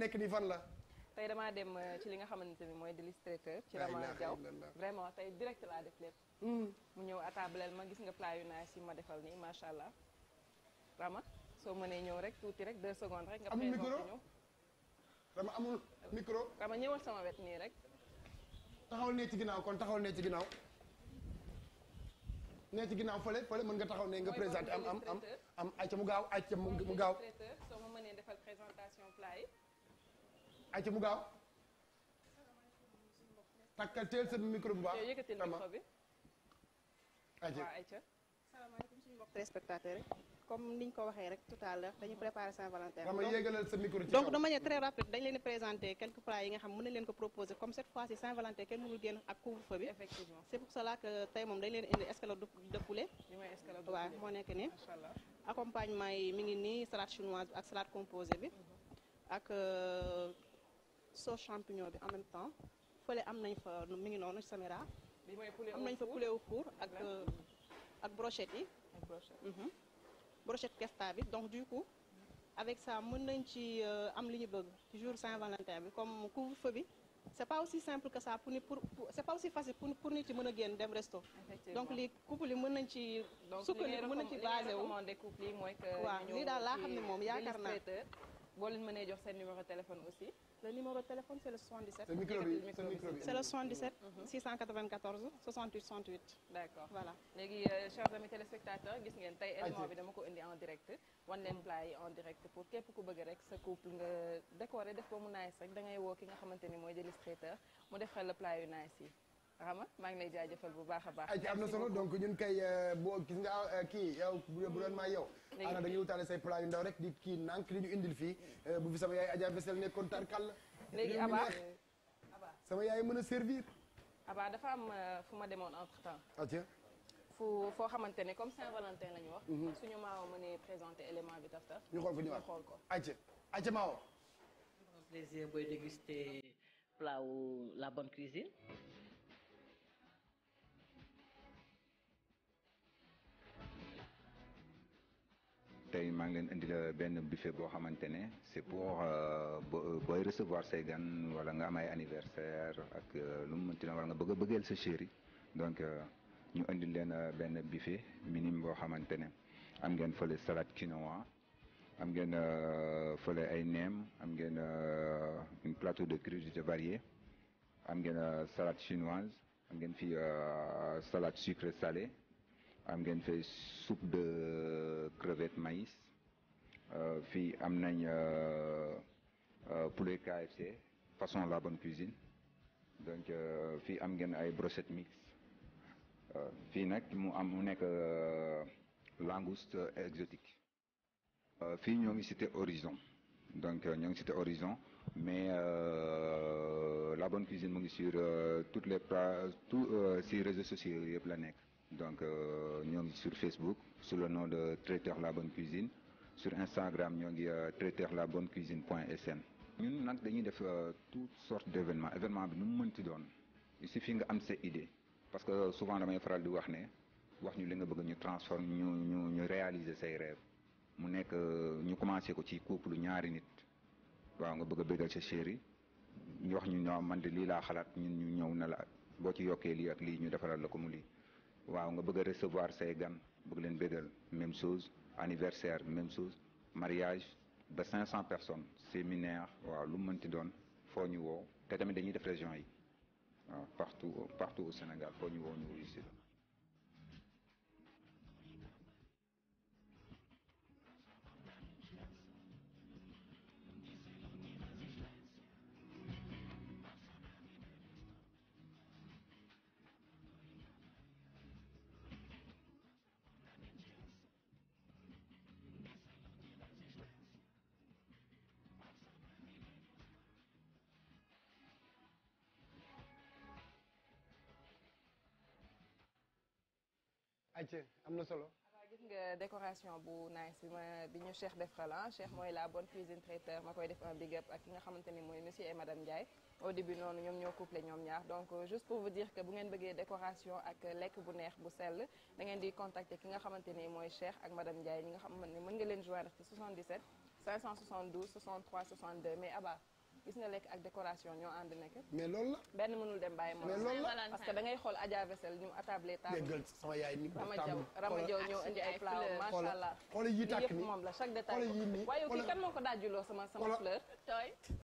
nekk ni fan la. damaa dem euh, ci li nga xamante ni mooy délice traiteur ci Rama tey direct laa def lépp. Hmm. mu ñëw attableel ma gis nga plat yu naaj ma defal nii macha allah. Rama soo mënee ñëw rek tuuti rek deux secondes rek. nga présenté ñëw Rama amul micro. Rama ñëwal sama wet nii rek. taxawal nee ci ginnaaw kon taxawal nee ci ginnaaw. nee ci ginnaaw fële fële mën nga taxaw ne nga présenté am am am mu gaaw ayca mu gaaw. ay mu gaaw takkal teel sa micro bu baax yëkkatil micro bi waaw ayca salaamaaleykum suñu mbokk téléspectateurs comme niñ ko waxee rek tout à l'heure dañu préparé Saint-Valentin donc de manière très rapide dañ leen di présenter quelques plats yi nga ak couvre-feu bi nii accompagnement bi ak salade composée bi mhm. ak euh, so champignon bi en même temps fële am nañ fa mi ngi noonu Samira. bi mooy poulet au am nañ fa poulet au four ak euh, ak brochette yi. ak brochette. Mhm. brochette bi donc du coup. avec ça mën nañ ci euh, am li ñu bëgg ci jour Saint-Valentin bi comme couvre-feu bi c' est pas aussi simple que ça pour ni pour nit yi mën a génn dem resto. donc li couple yi mën nañ ci. sukkandiku mën nañ ci basé wu donc li nga recommandé couple mooy que. waaw lii daal laa xam ne moom yaakaar naa. boo leen mënee jox seen numéro téléphone aussi. le numéro téléphone c' est le 77. micro bi c' est le 77. 694 68 voilà léegi euh, chers amis téléspectateurs gis ngeen tey élément bi dama ko indi en direct. wan leen plat yi en direct pour képp ko bëgg rek sa couple nga décorer def ba mu nice rek da ngay woo ki nga xamante ni mooy jëli traiteur mu defal la plat yu nice yi. xam nga maa ngi lay jaajëfal bu baax a baax. ay am na solo donc ñun kay euh, boo gis nga euh, kii yow bu doon maa yow. ana dañuy wutaale say plat yu ndaw rek di kii nànk li ñu indil fii. Euh, bu fi sama yaay Adja Vessel nekkoon tarkal. léegi Aba sama yaay mën a servir. Aba dafa am fu ma demoon entre temps. fu foo xamante ne comme Saint-Valentin la ñu wax. Mhm. suñu maawo mënee présenter élément bi taf taf. ñu xool ko ñu xool ko. ayca ayca maawo. plaisir booy déguster plat wu la bonne cuisine. tey maa ngi leen indil euh, benn buffet boo xamante ne c'est pour euh, euh, booy recevoir say gan wala nga am ay anniversaire ak lu mu wala nga bëgg a bëggeel sa chéri donc ñu indil leen benn buffet minime boo xamante ne am ngeen fële salade quinoa am ngeen fële ay neem am ngeen une plateau de crudités variées am ngeen salade chinoise am ngeen fi salade sucré salé am ngeen fi soupe de crevette maïs euh, fii am nañ pour euh, euh, poulet KFC façon la bonne cuisine donc fii am ngeen ay brochette mixte fii nag mu am nekk langouste exotique fii ñoo ngi cité Horizon donc ñoo ngi cité Horizon mais la bonne cuisine mu ngi sur toutes les tout si réseaux sociaux yëpp la nekk Donc, euh, nous sommes sur Facebook, sous le nom de Traiteur La Bonne Cuisine. Sur Instagram, ñoo ngi euh, traiteur-la-bonne-cuisine.sn. Nous avons fait euh, toutes sortes d'événements. Événements, nous avons Il nga am sa idée. Parce que euh, souvent, nous avons fait des wax ñu li nga bëgg ñu transformer ñu ñu ñu réaliser say reer mu nekk euh, ñu commencé ko ci couple ñaari nit waaw nga bëgg a bëggal sa chéri ñu wax ñu ñoo man de lii laa xalaat ñu ñëw na la boo ci yokkee lii ak lii ñu defaral la ko mu lii waaw nga bëgg a recevoir say gan bëgg leen bégal même chose anniversaire même chose mariage ba 500 personnes séminaire waaw lu mu mënti doon foo ñu woo te tamit dañuy def région yi waaw partout partout au Sénégal foo ñu woo ñu wuyu ayca am na solo. gis nga décoration bu nice bi ma bi ñu Cheikh defal ah Cheikh mooy la bonne cuisine traiteur ma koy def un big up ak ki nga xamante ni mooy monsieur et madame Ndiaye au début noonu ñoom ñoo couplé ñoom ñaar donc euh, juste pour vous dire que bu ngeen bëggee décoration ak lekk bu neex bu sell da ngeen di contacter ki nga xamante ni mooy Cheikh ak madame Ndiaye ñi nga xamante ni mën leen joindre ci 77 572 63 62 mais Aba. gis nga lekk ak décoration ñoo ànd nekk. mais loolu la. benn mënul dem bàyyi moom. mais la parce que da xool Adja Vaisselle ñu attablé table. déggal ñoo indi ay fleurs macha allah. xool yi moom la chaque détail. xool yi nii waaye kii kan moo ko daajuloo sama sama fleur. tooy.